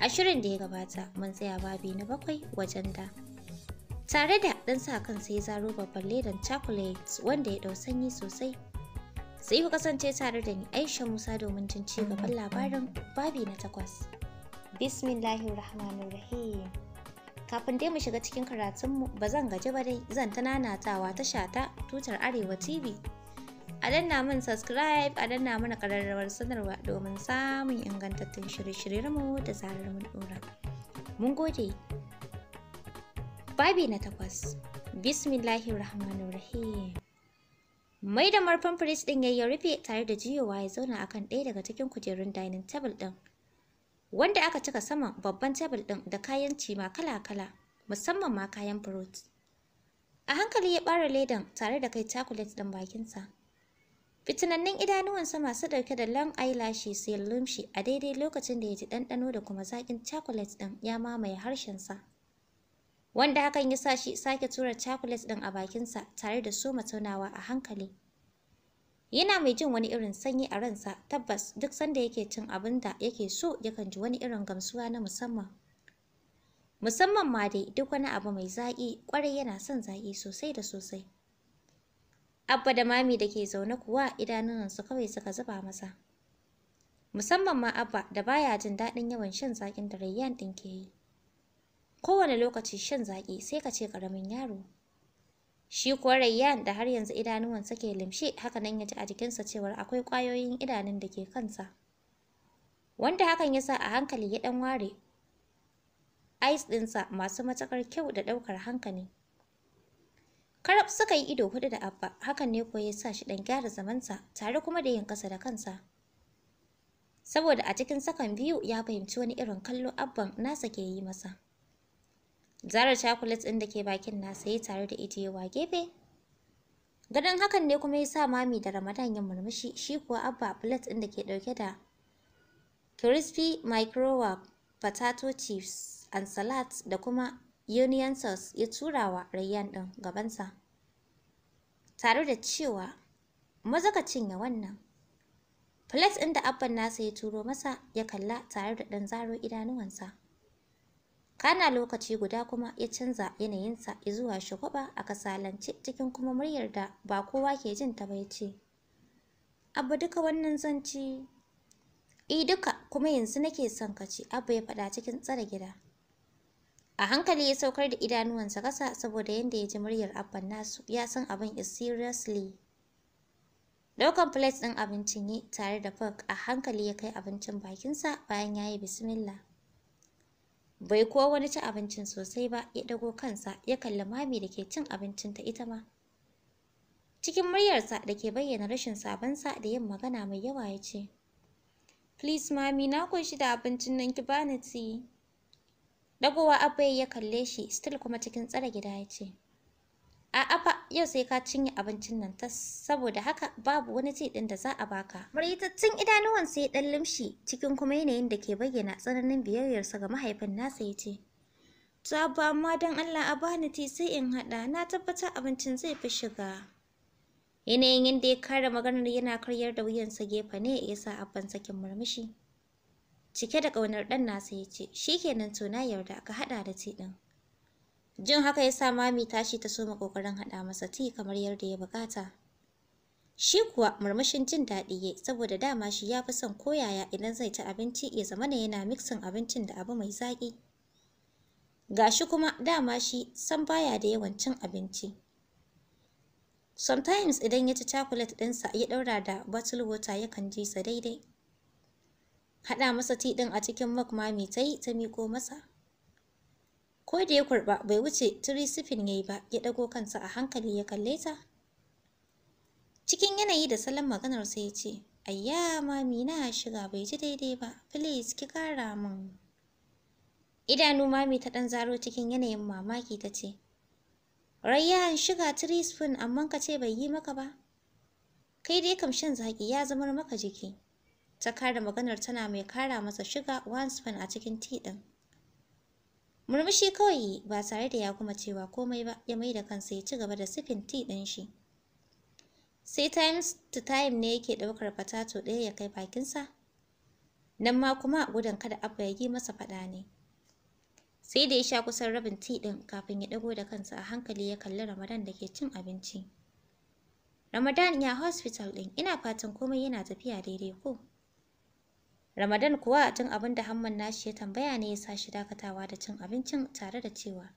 A shirin da ya gabata mun tsaya babi na bakwai wajen da. Tare da ɗan sa kan sai zaro babban ledan chocolate wanda ya ɗau sanyi sosai. Sai ku kasance tare da ni Aisha Musa domin jin ci gaban labarin babi na takwas. Bismillahirrahmanirrahim. kafin dai mu shiga cikin karatunmu ba zan gaji ba dai zan ta nanatawa ta shata tutar arewa tv a danna mun subscribe a danna mana ƙararrawar sanarwa domin samun ingantattun shirye-shiryenmu da zarar mun ɗora mun gode babi na takwas bismillahir rahmanir rahim mai da marfan firis ɗin ya rufe tare da jiyowa ya zauna akan ɗaya daga cikin kujerun dining table ɗin wanda aka cika saman babban tebul ɗin da kayan cima kala-kala, musamman ma kayan furot. A hankali ya ɓara ledan tare da kai cakulet ɗin bakinsa. Fitinannin idanuwansa masu ɗauke da long eyelashes sai lumshi a daidai lokacin da ya ji ɗanɗano da kuma zaƙin chocolate ɗin ya mamaye harshensa. Wanda hakan ya sa shi sake tura chocolate ɗin a bakinsa tare da soma taunawa a hankali. Yana mai jin wani irin sanyi a ransa, tabbas duk sanda yake cin abin da yake so yakan ji wani irin gamsuwa na musamman. Musamman ma dai duk wani abu mai zaƙi, ƙwarai yana son zaƙi sosai da sosai. Abba da mami da ke zaune kuwa idanunansu kawai suka zuba masa. Musamman ma Abba da baya jin daɗin yawan shan zaƙin da Rayyan ɗin ke yi. Kowane lokaci shan zaƙi sai ka ce ƙaramin yaro. Shi kuwa Rayyan da har yanzu idanuwansa ke limshe haka nan ya ji a jikinsa cewar akwai ƙwayoyin idanun da ke kansa. Wanda hakan ya sa a hankali ya ɗan ware. Ice ɗinsa masu matuƙar kyau da ɗaukar hankali. Karab suka yi ido hudu da Abba, hakan ne kuwa ya sa shi ɗan gyara zamansa tare kuma da yin ƙasa da kansa. Saboda a cikin sakan biyu ya fahimci wani irin kallo Abban nasa ke yi masa. Zara cakulet ɗin da ke bakin nasa ya tare da ijiyewa gefe. Gadon hakan ne kuma ya sa mami da Ramadan ya murmushi shi kuwa Abba plate ɗin da ke ɗauke da crispy microwave potato chips and salad da kuma Union SOS ya tura wa Rayyan ɗin gabansa. Tare da cewa, maza ka cinye wannan. Plate ɗin da abban nasa ya turo masa ya kalla tare da ɗan zaro idanuwansa. Kana lokaci guda kuma ya canza yanayinsa ya zuwa shagwaba a kasalance cikin kuma muryar da ba kowa ke jin ta ba ya ce, Abba duka wannan zanci. I e, duka kuma yanzu nake son ka ci, Abba ya faɗa cikin tsare gida. A hankali ya saukar da idanuwansa ƙasa saboda yadda ya ji muryar abban nasu ya san abin is seriously. Daukan plate ɗin abincin ne tare da fork a hankali ya kai abincin bakinsa bayan ya yi bismillah. Bai kuwa wani ci abincin sosai ba ya ɗago kansa ya kalli mami da ke cin abincin ta ita ma. Cikin muryarsa da ke bayyana rashin sabonsa da yin magana mai yawa ya ce, Please mami na kunshi da abincin nan ki bani tea. Dagowa Abba ya kalle shi, still kuma cikin tsare gida ya ce, A'a fa yau sai ka cinye abincin nan tas saboda haka babu wani ci ɗin da za a baka. Muryitattun idanuwan sai dan limshi cikin kuma yanayin da ke bayyana tsananin biyayyarsa ga mahaifin nasa ya ce. Ta ba amma don Allah a bani ti sai in haɗa na tabbatar abincin zai fi shiga. Yanayin yadda ya kare maganar yana karyar da wuyansa gefe ne ya sa abban sakin murmushi. cike da ƙaunar ɗan nasa ya ce, shi kenan to na yarda ka haɗa da ti ɗin. Jin haka ya sa mami tashi ta soma ƙoƙarin haɗa masa ti kamar yadda ya buƙata. Shi kuwa murmushin jin daɗi ya saboda dama shi ya fi son koyaya idan zai ci abinci ya zama yana miksin abincin da abu mai zaƙi. Ga shi kuma dama shi san baya da yawan cin abinci. Sometimes idan ya ci chocolate ɗinsa ya ɗaura da bottle water yakan ji sa daidai. haɗa masa ti ɗin a cikin mug mami ta yi ta miƙo masa ko da ya kurɓa bai wuce turi sifin ya yi ba ya ɗago kansa a hankali ya kalle ta cikin yanayi da salon maganar sai ya ce ayya mami na shiga bai ji daidai ba please ki kara min idanu mami ta ɗan zaro cikin yanayin mamaki ta ce rayyan shiga turi sifin amma ka ce bai yi maka ba kai dai kamshin shan zaƙi ya zamar maka jiki ta kare maganar tana mai kara masa shiga one spoon a cikin tea ɗin. Murmushi kawai ba tare da ya kuma cewa komai ba ya mai da kansa ya ci gaba da sifin tea ɗin shi. Sai times to time ne yake ɗaukar fatato ɗaya ya kai bakinsa. Nan ma kuma gudun kada Abba ya yi masa faɗa ne. Sai da ya sha kusan rabin tea ɗin kafin ya ɗago da kansa a hankali ya kalli Ramadan da ke cin abinci. Ramadan ya hospital ɗin ina fatan komai yana tafiya daidai ko? Ramadan kuwa tun abin da Hamman nashi ya tambaya ne ya sa shi dakatawa da cin abincin tare da cewa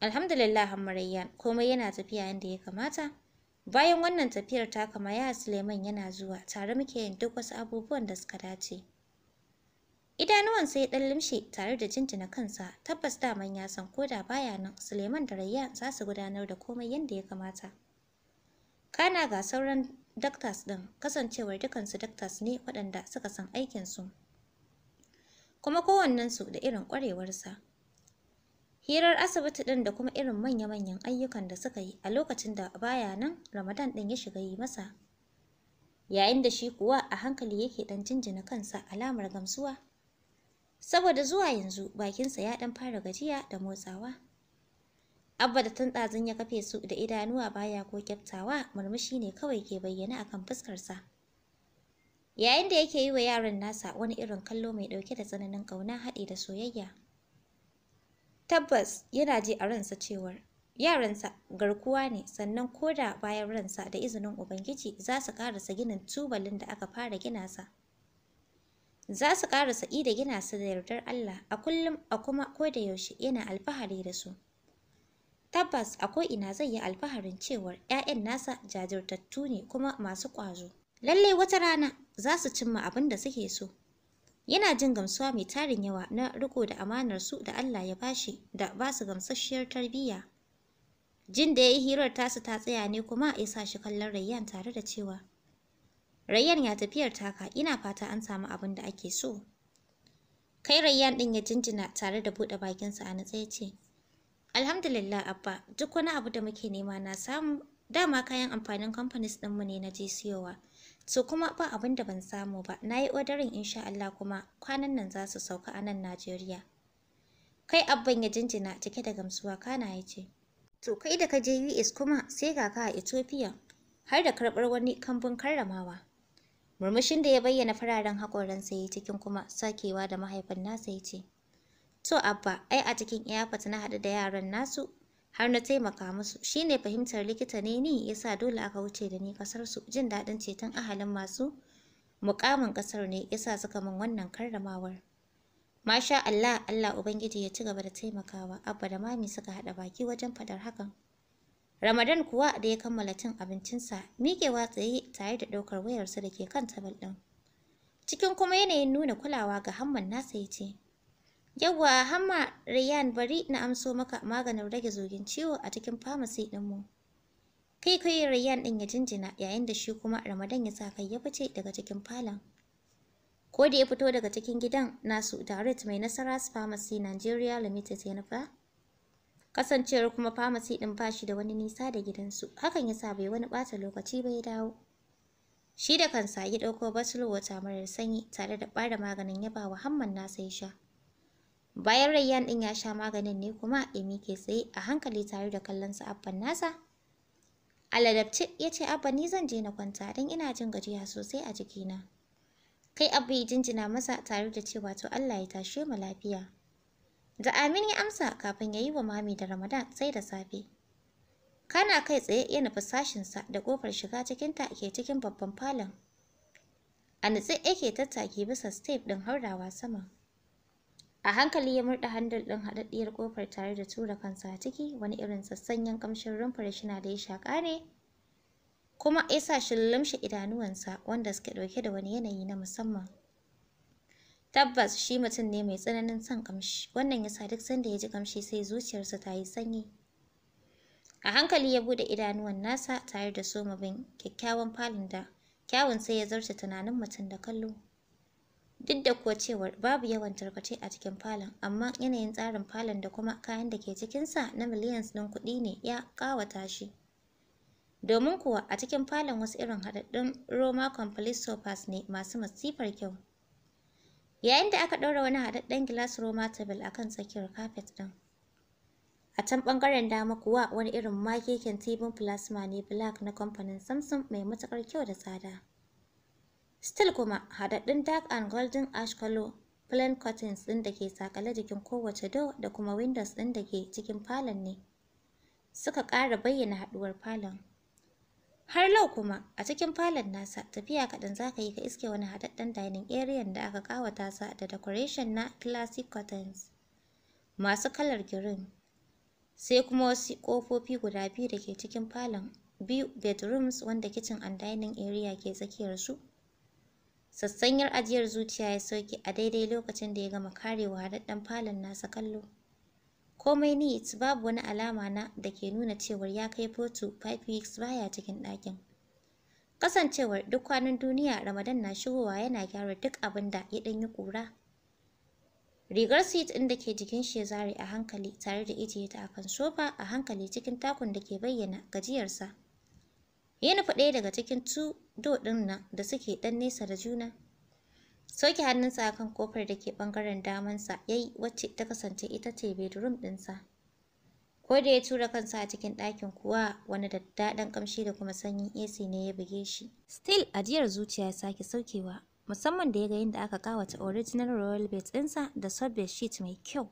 Alhamdulillah Hammarayya komai yana tafiya yadda ya kamata. Bayan wannan tafiyar ta kama ya Suleiman yana zuwa tare muke yin duk wasu abubuwan da suka dace. Idanuwan sai ɗan limshe tare da jinjina kansa tabbas daman ya san ko da baya nan Suleiman da rayya za su gudanar da komai yadda ya kamata. Kana ga sauran daktas ɗin kasancewar dukansu daktas ne waɗanda suka san aikinsu kuma kowannensu da irin ƙwarewarsa hirar asibiti ɗin da kuma irin manya-manyan ayyukan da suka yi a lokacin da baya nan ramadan ɗin ya shiga yi masa yayin da shi kuwa a hankali yake ɗan jinjina kansa alamar gamsuwa saboda zuwa yanzu bakinsa ya ɗan fara gajiya da motsawa Abba da tun ɗazun ya kafe su da idanuwa baya ko kyaftawa murmushi ne kawai ke bayyana akan fuskarsa. Yayin da yake yi wa yaran nasa wani irin kallo mai ɗauke da tsananin ƙauna haɗe da soyayya. Tabbas yana ji a ransa cewar yaransa garkuwa ne sannan koda bayan ransa da izinin Ubangiji za su ƙarasa ginin tubalin da aka fara gina sa. Za su ƙarasa da gina su da yardar Allah a kullum a kuma ko da yaushe yana alfahari da su. Tabbas a ko'ina zai yi alfaharin cewar 'ya'yan nasa jajirtattu ne kuma masu ƙwazo. Lallai wata rana za su cimma abin da suke so. Yana jin gamsuwa mai tarin yawa na riko da amanar su da Allah ya bashi da ba su gamsasshiyar tarbiyya. Jin da ya yi hirar tasu ta tsaya ne kuma ya sa shi kallon Rayyan tare da cewa, Rayyan ya tafiyar taka ina fata an samu abin da ake so. Kai Rayyan ɗin ya jinjina tare da buɗe bakinsa a natsaye ce, Alhamdulillah Abba, duk wani abu da muke nema na samu, dama kayan amfanin kamfanis ɗinmu ne na je siyowa. To kuma ba abin da ban samu ba, na yi odarin insha Allah kuma kwanan nan za su sauka a nan Najeriya. Kai abban ya jinjina cike da gamsuwa kana ya ce. To kai da ka je US kuma sai ga ka a Ethiopia har da karɓar wani kambun karramawa. Murmushin da ya bayyana fararen haƙoransa ya yi cikin kuma sakewa da mahaifin nasa ya ce. To Abba, ai a cikin iyafat na haɗu da yaran nasu har na taimaka musu. Shi ne fahimtar likita ne ni yasa dole aka wuce da ni ƙasarsu. Jin daɗin ceton ahalin masu muƙamin ƙasar ne yasa suka min wannan karramawar. Masha Allah, Allah Ubangiji ya ci gaba da taimakawa. Abba da Mami suka haɗa baki wajen faɗar hakan. Ramadan kuwa da ya kammala cin abincinsa, miƙewa tsaye tare da ɗaukar wayarsa da ke kan tabal ɗin. Cikin kuma yanayin nuna kulawa ga hamman nasa ya ce, Yawwa Hamma Rayyan bari na amso maka maganin rage zogin ciwo a cikin famasi ɗinmu. Kai kai Rayyan din ya jinjina yayin da shi kuma Ramadan ya sa kai ya fice daga cikin falon. Ko da ya fito daga cikin gidan nasu Direct mai nasara Pharmacy Nigeria Limited ya fa? Kasancewar kuma famasi din ba shi da wani nisa da gidansu, hakan ya sa bai wani ɓata lokaci ba ya dawo. Shi da kansa ya ɗauko bottle water marar sanyi tare da ɓare maganin ya ba wa Hamman nasa ya sha. Bayan Rayyan ɗin ya sha maganin ne kuma ya mike tsaye a hankali tare da kallon sa abban nasa. Aladabci ya ce abba ni zan je na kwanta don ina jin gajiya sosai a jikina. Kai abu ya jinjina masa tare da cewa to Allah ya tashe mu lafiya. Da Amin ya amsa kafin ya yi wa mami da Ramadan sai da safe. Kana kai tsaye ya nufi sashinsa da ƙofar shiga ta ke cikin babban falon. A nutse yake tattaki bisa step ɗin haurawa sama. A hankali ya murɗa handal ɗin haɗaɗɗiyar ƙofar tare da tura kansa a ciki, wani irin sassanyen ƙamshin rumfar shina da ya shaƙa ne, kuma ya sa shi lumshe idanuwansa wanda suke ɗauke da wani yanayi na musamman. Tabbas shi mutum ne mai tsananin son ƙamshi, wannan ya sa duk sanda ya ji ƙamshi sai zuciyarsa ta yi sanyi. A hankali ya buɗe idanuwan nasa tare da soma bin kyakkyawan falon da kyawun sai ya zarce tunanin mutum da kallo. duk da kuwa cewar babu yawan tarkace a cikin falon amma yanayin tsarin falon da kuma kayan da ke cikinsa na millions ɗin kuɗi ne ya ƙawata shi domin kuwa a cikin falon wasu irin haɗaɗɗun roma complete sofas ne masu masifar kyau yayin da aka ɗaura wani haɗaɗɗen gilas roma table a kan tsakiyar kafet ɗin a can ɓangaren dama kuwa wani irin makekin tibin plasma ne black na kamfanin samsung mai matuƙar kyau da tsada Still kuma haɗaɗɗun dark and golden ash color plain curtains ɗin da ke sakale jikin kowace door da kuma windows ɗin da ke cikin falon ne suka ƙara bayyana haɗuwar falon. Har lau kuma a cikin falon nasa tafiya kaɗan za ka yi ka iske wani haɗaɗɗen dining area da aka ƙawata sa da decoration na classic curtains masu kalar green. Sai kuma wasu ƙofofi guda biyu da ke cikin falon, biyu bedrooms wanda kitchen and dining area ke tsakiyarsu. Sassanyar ajiyar zuciya ya sauke a daidai lokacin da ya gama karewa haɗaɗɗen falon nasa kallo. Komai neat babu wani alama na da ke nuna cewar ya kai foto five weeks baya cikin ɗakin. Kasancewar duk kwanan duniya Ramadan na shigowa yana gyara duk abin da ya ɗan yi ƙura. Rigar seat ɗin da ke jikin shi ya zare a hankali tare da ijiye ta a kan sofa a hankali cikin takun da ke bayyana gajiyarsa. Ya ɗaya daga cikin tudo ɗin nan da suke ɗan nesa da juna. Soke hannunsa a kan ƙofar da ke ɓangaren damansa ya yi wacce ta kasance ita ce bedroom ɗinsa. Ko da ya tura kansa a cikin ɗakin kuwa wani daddaɗan ƙamshi da kuma sanyin AC ne ya buge shi. Still ajiyar zuciya ya sake saukewa musamman da ya ga yadda aka ƙawata original royal bed ɗinsa da sub sheet mai kyau.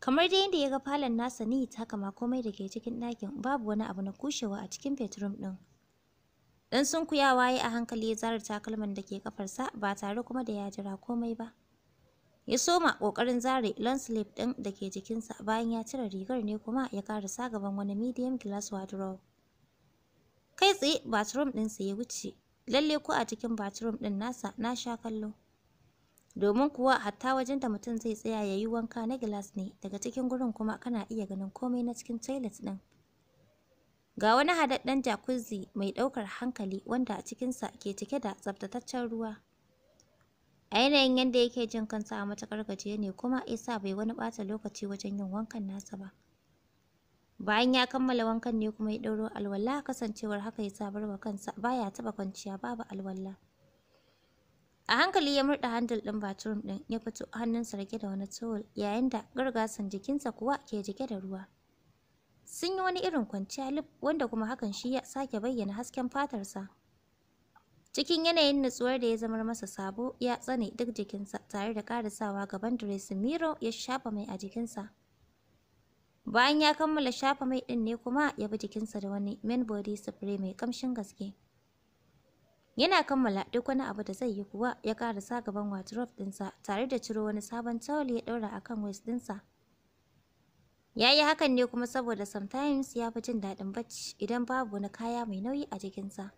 Kamar dai yadda ya ga falon nasa ni haka ma komai da ke cikin ɗakin babu wani abu na kushewa a cikin bedroom ɗin. Ɗan sunkuyawa ya a hankali ya zara takalman da ke kafarsa ba tare kuma da ya jira komai ba. Ya soma ƙoƙarin zare long sleeve ɗin da ke jikinsa bayan ya cire rigar ne kuma ya karasa gaban wani medium glass wardrobe. Kai tsaye bathroom ɗinsa ya wuce. Lalle ko a cikin bathroom ɗin nasa na sha kallo. domin kuwa hatta wajen da mutum zai tsaya ya yi wanka na gilas ne daga cikin gurin kuma kana iya ganin komai na cikin toilet ɗin. Ga wani haɗaɗɗen jacuzzi mai ɗaukar hankali wanda a cikinsa ke cike da tsaftataccen ruwa. A yanayin yadda yake jin kansa a matuƙar gajiya ne kuma isa bai wani ɓata lokaci wajen yin wankan nasa ba. Bayan ya kammala wankan ne kuma ya ɗauro alwala kasancewar haka ya sabar wa kansa baya taɓa kwanciya babu alwala. A hankali ya murɗa handle ɗin baturum ɗin ya fito hannunsa riƙe da wani towel yayin da gargasan jikinsa kuwa ke jike da ruwa. Sun yi wani irin kwanciya lif wanda kuma hakan shi ya sake bayyana hasken fatarsa. Cikin yanayin nutsuwar da ya zamar masa sabo ya tsane duk jikinsa tare da sawa gaban dressing mirror ya shafa mai a jikinsa. Bayan ya kammala shafa mai ɗin ne kuma ya bi jikinsa da wani men body spray mai ƙamshin gaske. Yana kammala duk wani abu da zai yi kuwa ya karasa gaban wardrobe dinsa, tare da ciro wani sabon tawul ya ɗaura akan kan waist dinsa Ya yi hakan ne kuma saboda sometimes ya fi jin daɗin bacci idan babu wani kaya mai nauyi a jikinsa.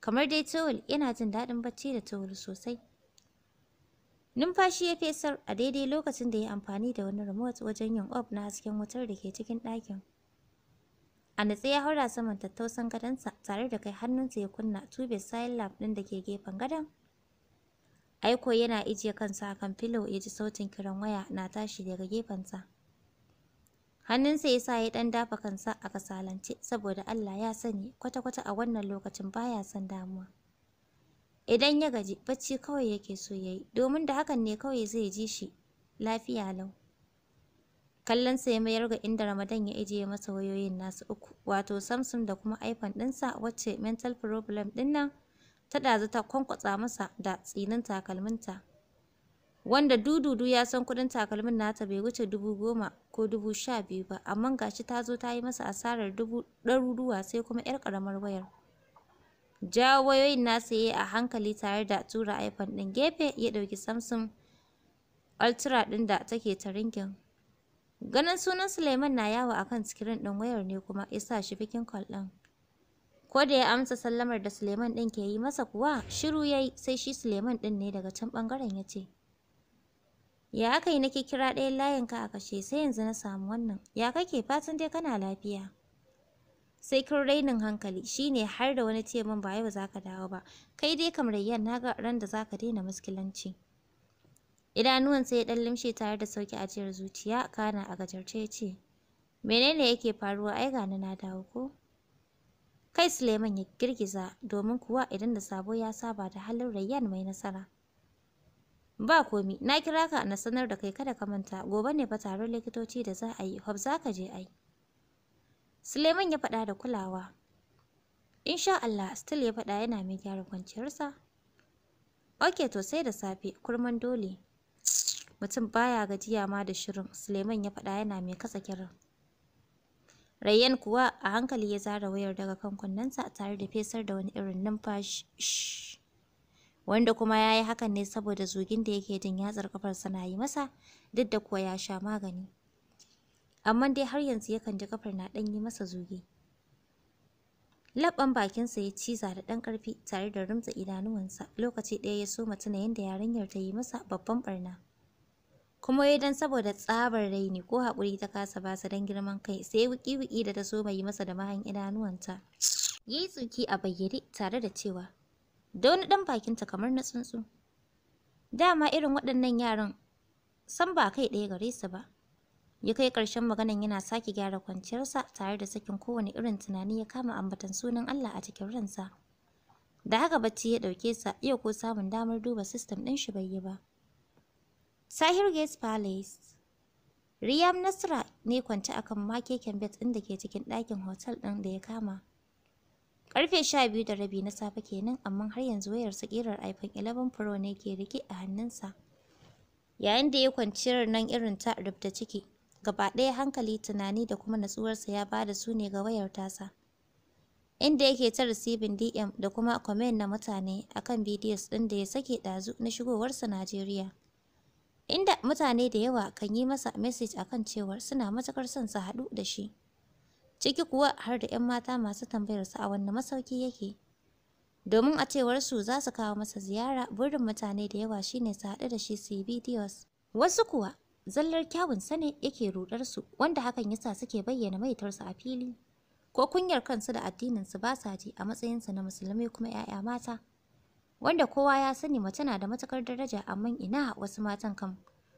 Kamar dai towel yana jin daɗin bacci da towel sosai. Numfashi ya fesar a daidai lokacin da ya amfani da wani remote wajen yin off na hasken wutar da ke cikin ɗakin. A natse ya haura saman tattausan gadonsa tare da kai hannunsa ya kunna tube sayan lab ɗin da ke gefen gadon. Aiko yana ijiye kansa a kan filo ya ji sautin kiran waya na tashi daga gefensa. Hannunsa ya sa ya ɗan dafa kansa a kasalance saboda Allah ya sani kwata-kwata a wannan lokacin baya son damuwa. Idan ya gaji bacci kawai yake so ya yi domin da hakan ne kawai zai ji shi lafiya lau. kallon sa ya mayar ga inda Ramadan ya ajiye masa wayoyin nasu uku wato Samsung da kuma iPhone ɗinsa wacce mental problem ɗin nan ta ɗazu ta kwankwatsa masa da tsinin takalminta wanda dududu ya san kuɗin takalmin nata bai wuce dubu goma ko dubu sha biyu ba amma gashi ta zo ta yi masa asarar dubu ɗaruruwa sai kuma 'yar ƙaramar wayar jawo wayoyin nasa ya yi a hankali tare da tura iPhone ɗin gefe ya ɗauki Samsung Ultra ɗin da take ta ringin Ganin sunan Suleiman na yawo a kan sikirin ɗin wayar ne kuma ya sa shi bikin kwal ɗin. Ko da ya amsa sallamar da Suleiman ɗin ke yi masa kuwa, shiru ya yi sai shi Suleiman ɗin ne daga can ɓangaren ya ce, Ya aka yi nake kira ɗayan layinka a kashe sai yanzu na samu wannan, ya kake fatan dai kana lafiya. Sai kin rainin hankali shi ne har da wani ce min ba yau za ka dawo ba, kai dai kam rayyan na ga ran da za ka daina muskilanci. Idanuwansa ya ɗan limshe tare da a ajiyar zuciya, kana a gajarce ya ce, Menene yake faruwa ai gani na dawo ko? Kai Suleiman ya girgiza domin kuwa idan da sabo ya saba da halin Rayyan mai nasara. Ba komi, na kira ka na sanar da kai kada ka manta, gobe ne fa taron likitoci da za a yi, hob za ka je ai. Suleiman ya faɗa da kulawa. Insha Allah, still ya faɗa yana mai gyara kwanciyarsa. Ok, to sai da safe, kurman dole. Mutum baya gajiya ma da shirin, Suleiman ya faɗa yana mai katse kiran. Rayyan kuwa a hankali ya zara wayar daga kan kunnensa tare da fesar da wani irin numfashi. Wanda kuma ya yi hakan ne saboda zugin da yake jin yatsar kafar sana yi masa duk da kuwa ya sha magani. Amma dai har yanzu yakan ji kafar na ɗan yi masa zugi. Labban bakinsa ya ciza da ɗan ƙarfi tare da idanuwan idanuwansa lokaci ɗaya ya soma tuna yadda yarinyar ta yi masa babban barna. Kuma ya dan saboda tsabar raini ko haƙuri ta kasa basa dan girman kai sai wuƙi-wuƙi da ta soma yi masa da mahan idanuwanta. Ya yi tsuki a bayyane tare da cewa, da wani ɗan bakinta kamar na tsuntsu. Dama irin waɗannan yaran san ba kai ɗaya gare su ba. ya kai ƙarshen maganan yana sake gyara kwanciyarsa tare da sakin kowane irin tunani ya kama ambatan sunan Allah a cikin ransa. Da haka bacci ya ɗauke sa yau ko samun damar duba sistem ɗin shi bai yi ba. Sahir Gates Palace Riyam Nasra ne kwance akan makeken bed ɗin da ke cikin ɗakin hotel ɗin da ya kama. Karfe sha biyu da rabi na safe kenan amma har yanzu wayar wayarsa ƙirar iPhone 11 Pro ne ke rike a hannunsa. Yayin da ya kwanciyar nan irin ta rubta ciki, gaba ɗaya hankali tunani da kuma natsuwarsa ya bada su ne ga wayar tasa inda yake ta receiving DM da kuma comment na mutane akan videos ɗin da ya sake ɗazu na shigowarsa Najeriya. Inda mutane da yawa kan yi masa message akan cewar suna matakar son su haɗu da shi. Ciki kuwa har da 'yan mata masu tambayar tambayarsa a wanne masauki yake. Domin a cewar su za su kawo masa ziyara burin mutane da yawa shine su haɗu da shi su yi videos. Wasu kuwa Zallar kyawun sane yake rudar su wanda hakan yasa suke bayyana maitarsu a fili. Ko kunyar kansu da addininsu ba sa ji a matsayin matsayinsu na musulmi kuma 'ya'ya mata. Wanda kowa ya sani mace na da matukar daraja amma ina wasu matan kam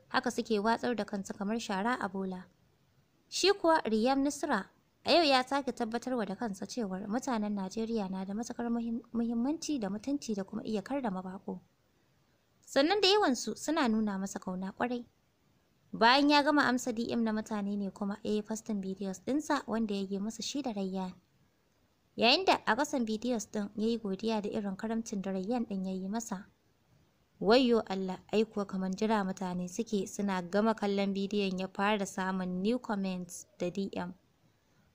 haka suke watsar da kansu kamar shara a bola. Shi kuwa Riyam Nusra a yau ya sake tabbatarwa da kansa cewa mutanen Najeriya na da matukar muhimmanci da mutunci da kuma iya kardama bako. Sannan da yawansu suna nuna masa kauna kwarai. Bayan ya gama amsa DM na mutane ne kuma ya eh, yi fastin videos ɗinsa wanda ya yi masa shi da Rayyan. Yayin da a kasan videos ɗin ya yi godiya da irin karamcin da Rayyan ɗin ya yi masa. Wayyo Allah, ai kuwa kamar jira mutane suke suna gama kallon bidiyon ya fara samun new comments da DM.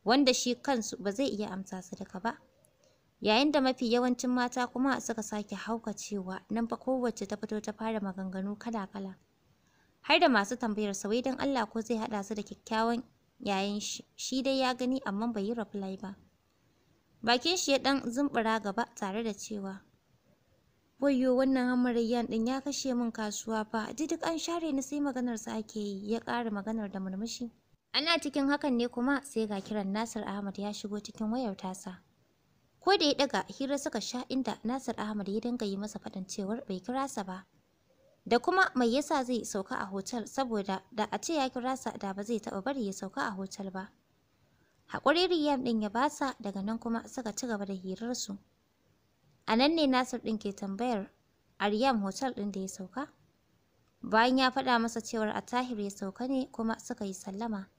Wanda shi kansu ba zai iya amsa su duka ba. Yayin da mafi yawancin mata kuma suka sake haukacewa nan fa kowacce ta fito ta fara maganganu kala-kala. har da masu tambayar sa wai don Allah ko zai haɗa su da kyakkyawan yayin shi shi dai ya gani amma bai yi reply ba bakin shi ya ɗan zumbura gaba tare da cewa wayyo wannan hamarayyan ɗin ya kashe min kasuwa fa duk an share ni sai maganar sa ake yi ya ƙara maganar da murmushi ana cikin hakan ne kuma sai ga kiran Nasir Ahmad ya shigo cikin wayar tasa ko da ya daga hira suka sha inda Nasir Ahmad ya dinga yi masa faɗin cewar bai kira sa ba da kuma mai yasa zai sauka a hotel saboda da a ce ya kira sa da ba zai taba bari ya sauka a hotel ba. Haƙuri Riyam din ya basa daga nan kuma suka ci gaba da hirarsu. A nan ne Nasir din ke tambayar a Riyam hotel din da ya sauka. Bayan ya faɗa masa cewar a Tahir ya sauka ne kuma suka yi sallama.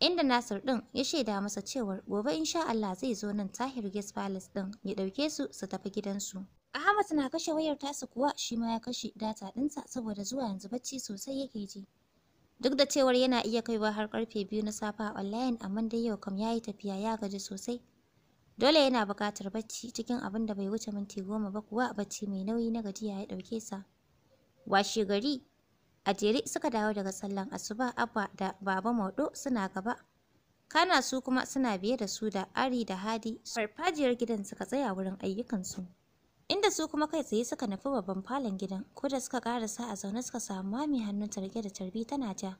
Inda Nasir din ya shaida masa cewar gobe insha Allah zai zo nan Tahir Guest Palace din ya dauke su su tafi gidansu. Ahmad na kashe wayar tasa kuwa shi ma ya kashe data dinsa, saboda zuwa yanzu bacci sosai yake ji. Duk da cewar yana iya kaiwa har karfe biyu na safa online amma dai yau kam yayi tafiya ya gaji sosai. Dole yana buƙatar bacci cikin abin da bai wuce minti goma ba kuwa bacci mai nauyi na gajiya ya ɗauke sa. Washe gari a jere suka dawo daga sallan asuba Abba da Baba Maudo suna gaba. Kana su kuma suna biye da su da Ari da Hadi. Farfajiyar gidan suka tsaya wurin ayyukansu. inda su kuma kai tsaye suka nufi babban falon gidan ko da suka karasa a zaune suka samu mami hannun targe da tarbi tana ja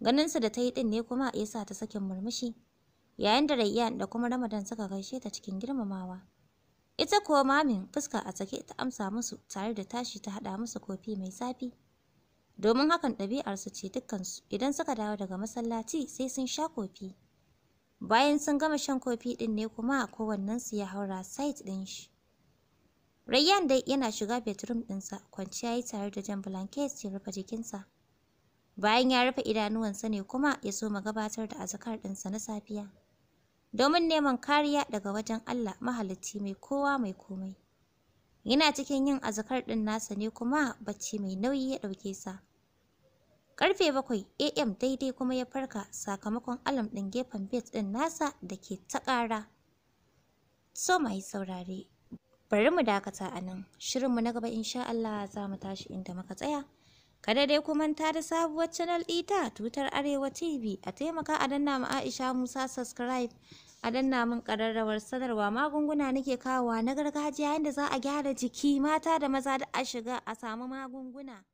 ganinsu da ta yi din ne kuma ya sa ta sakin murmushi yayin da rayyan da kuma ramadan suka gaishe ta cikin girmamawa ita ko mamin fuska a sake ta amsa musu tare da tashi ta haɗa musu kofi mai zafi domin hakan ɗabi'arsu ce dukkansu idan suka dawo daga masallaci sai sun sha kofi bayan sun gama shan kofi ɗin ne kuma kowannensu ya haura site ɗin shi Rayyan dai yana shiga bedroom ɗinsa, kwanciya yi tare da jan blanket ya rufe jikinsa. Bayan ya rufe idanuwansa ne kuma ya soma gabatar da azkar ɗinsa na safiya. Domin neman kariya daga wajen Allah mahalicci mai kowa mai komai. Yana cikin yin azkar ɗin nasa ne kuma bacci mai nauyi ya ɗauke sa. Karfe bakwai AM daidai kuma ya farka sakamakon alam ɗin gefen bed ɗin nasa da ke ta ƙara. So mai saurare, bari mu dakata a nan shirinmu na gaba insha Allah za mu tashi inda muka tsaya kada dai ku manta da sabuwar channel ita tutar arewa tv a taimaka a danna mu aisha musa subscribe a danna min kararrawar sanarwa magunguna nake kawowa na gargajiya yadda za a gyara jiki mata da maza da a shiga a samu magunguna